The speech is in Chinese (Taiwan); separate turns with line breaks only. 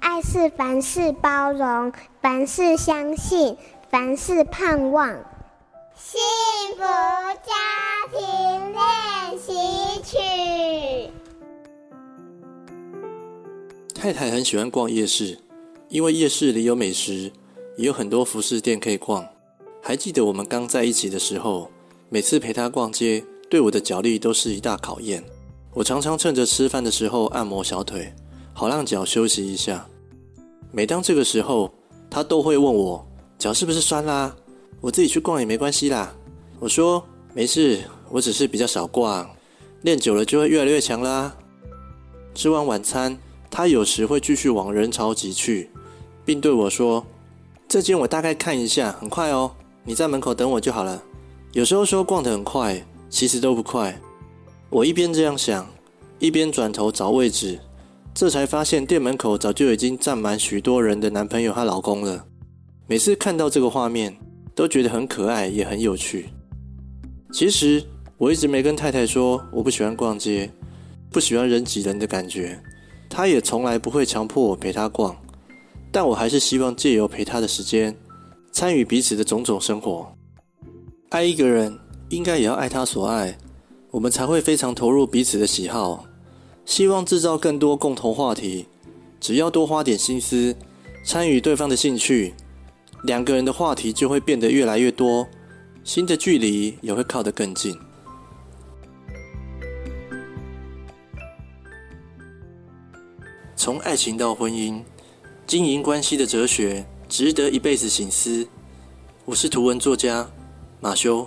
愛是凡事包容，凡事相信，凡事盼望。幸福家庭練習曲。
太太很喜歡逛夜市，因為夜市裡有美食，也有很多服飾店可以逛。還記得我們剛在一起的時候，每次陪她逛街，對我的腳力都是一大考驗。我常常趁着吃飯的時候按摩小腿。好讓腳休息一下。每當這個時候，他都會問我：“腳是不是酸啦？”我自己去逛也沒關係啦。我說：“沒事，我只是比較少逛，練久了就會越來越強啦。”吃完晚餐，他有時會繼續往人潮擠去，並對我說：“這間我大概看一下，很快哦，你在門口等我就好了。”有時候說逛得很快，其實都不快。我一邊這樣想，一邊轉頭找位置。這才發現，店門口早就已經站滿許多人的男朋友和老公了。每次看到這個畫面，都覺得很可愛，也很有趣。其實我一直沒跟太太說，我不喜歡逛街，不喜歡人擠人的感覺。她也從來不會強迫我陪她逛，但我還是希望借由陪她的時間，參與彼此的種種生活。愛一個人，應該也要愛他所愛，我們才會非常投入彼此的喜好。希望製造更多共同話題，只要多花點心思，參與對方的興趣，兩個人的話題就會變得越來越多，心的距離也會靠得更近。從愛情到婚姻，經營關係的哲學，值得一輩子省思。我是圖文作家馬修。